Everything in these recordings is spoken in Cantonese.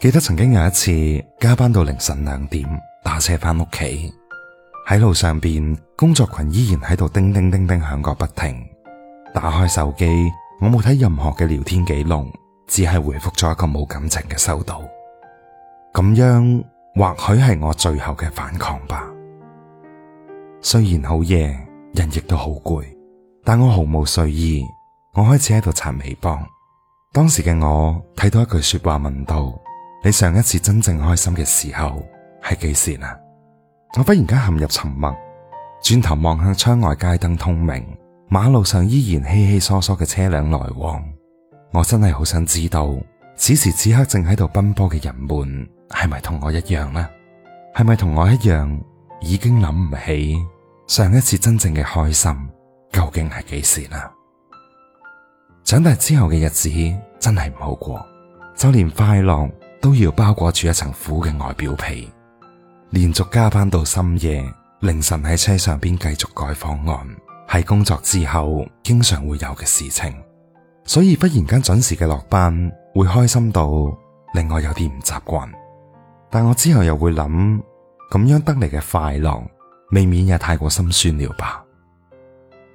記得曾經有一次加班到凌晨兩點，打車翻屋企，喺路上邊，工作群依然喺度叮叮叮叮響個不停。打開手機，我冇睇任何嘅聊天記錄，只係回復咗一個冇感情嘅收到。咁樣或許係我最後嘅反抗吧。雖然好夜，人亦都好攰，但我毫無睡意。我開始喺度刷微博。當時嘅我睇到一句說話到，問道。你上一次真正開心嘅時候係幾時啊？我忽然間陷入沉默，轉頭望向窗外，街燈通明，馬路上依然稀稀疏疏嘅車輛來往。我真係好想知道，此時此刻正喺度奔波嘅人們係咪同我一樣啦？係咪同我一樣已經諗唔起上一次真正嘅開心究竟係幾時啦？長大之後嘅日子真係唔好過，就連快樂。都要包裹住一層苦嘅外表皮，連續加班到深夜，凌晨喺車上邊繼續改方案，係工作之後經常會有嘅事情。所以忽然間準時嘅落班，會開心到令我有啲唔習慣。但我之後又會諗，咁樣得嚟嘅快樂，未免也太過心酸了吧？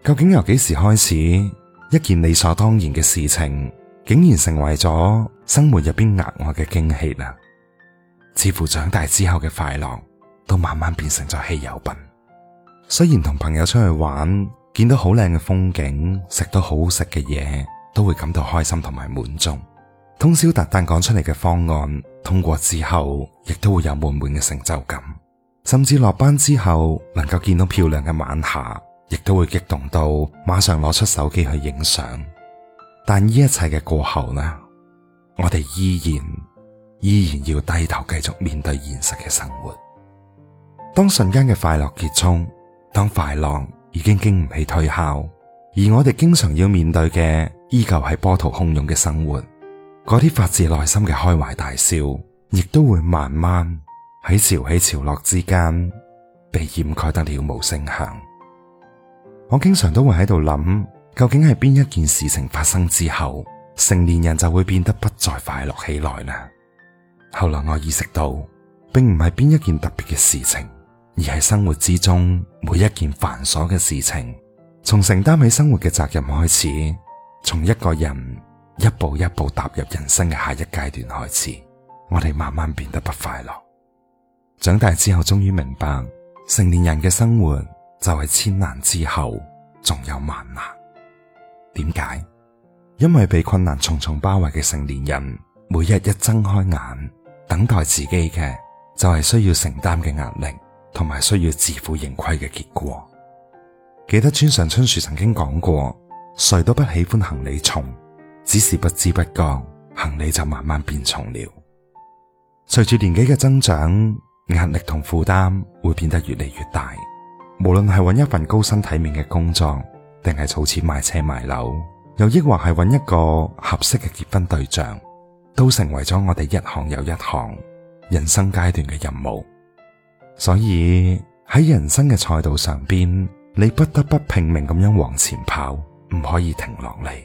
究竟由幾時開始，一件理所當然嘅事情，竟然成為咗生活入邊額外嘅驚喜啦！似乎長大之後嘅快樂都慢慢變成咗稀有品。雖然同朋友出去玩，見到好靚嘅風景，食到好食嘅嘢，都會感到開心同埋滿足。通宵達旦講出嚟嘅方案通過之後，亦都會有滿滿嘅成就感。甚至落班之後能夠見到漂亮嘅晚霞，亦都會激動到馬上攞出手機去影相。但呢一切嘅過後呢，我哋依然依然要低頭繼續面對現實嘅生活。當瞬間嘅快樂結束，當快樂已經經唔起推敲，而我哋經常要面對嘅，依舊係波濤洶湧嘅生活。嗰啲發自內心嘅開懷大笑，亦都會慢慢喺潮起潮落之間被掩蓋得了無聲響。我經常都會喺度諗。究竟係邊一件事情發生之後，成年人就會變得不再快樂起來呢？後來我意識到，並唔係邊一件特別嘅事情，而係生活之中每一件繁瑣嘅事情。從承擔起生活嘅責任開始，從一個人一步一步踏入人生嘅下一階段開始，我哋慢慢變得不快樂。長大之後，終於明白，成年人嘅生活就係千難之後，仲有萬難。點解？因為被困難重重包圍嘅成年人，每日一睜開眼，等待自己嘅就係、是、需要承擔嘅壓力，同埋需要自負盈虧嘅結果。記得村上春樹曾經講過，誰都不喜歡行李重，只是不知不覺，行李就慢慢變重了。隨住年紀嘅增長，壓力同負擔會變得越嚟越大。無論係揾一份高薪體面嘅工作，定係儲錢買車買樓，又抑或係揾一個合適嘅結婚對象，都成為咗我哋一項又一項人生階段嘅任務。所以喺人生嘅賽道上邊，你不得不拼命咁樣往前跑，唔可以停落嚟，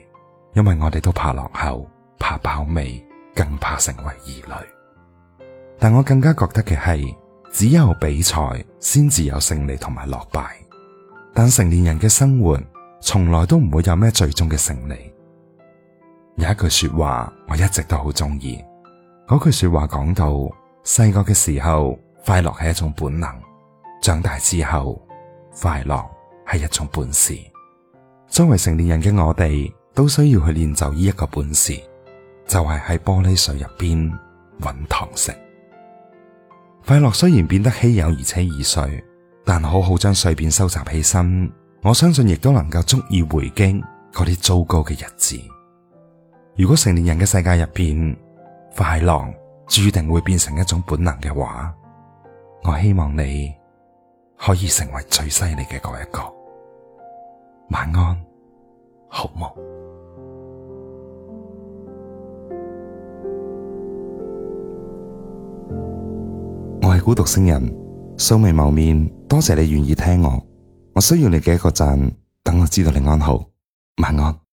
因為我哋都怕落後、怕跑尾，更怕成為異類。但我更加覺得嘅係，只有比賽先至有勝利同埋落敗，但成年人嘅生活，從來都唔會有咩最終嘅勝利。有一句說話我一直都好中意，嗰句說話講到：細個嘅時候，快樂係一種本能；長大之後，快樂係一種本事。作為成年人嘅我哋，都需要去練就呢一個本事，就係喺玻璃水入邊揾糖食。快樂雖然變得稀有而且易碎，但好好將碎片收集起身，我相信亦都能夠足以回敬嗰啲糟糕嘅日子。如果成年人嘅世界入邊快樂注定會變成一種本能嘅話，我希望你可以成為最犀利嘅嗰一個。晚安，好夢。我係孤獨星人，素未謀面，多謝你願意聽我。我需要你畀一個讚，等我知道你安好，晚安。